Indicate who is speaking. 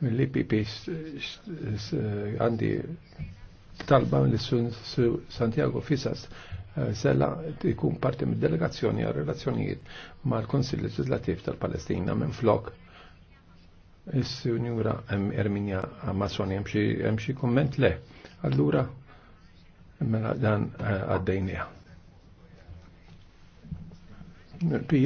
Speaker 1: mill-IPP għandi talba mill Santiago Fisas eh, sella ikun parti mid-delegazzjoni għal relazzjonijiet mal-Konsil Legislativ tal-Palestina minn flok Is-Sinjura Erminja Amazoni hemm xi komment le. Allura mela dan eh, għaddejniha.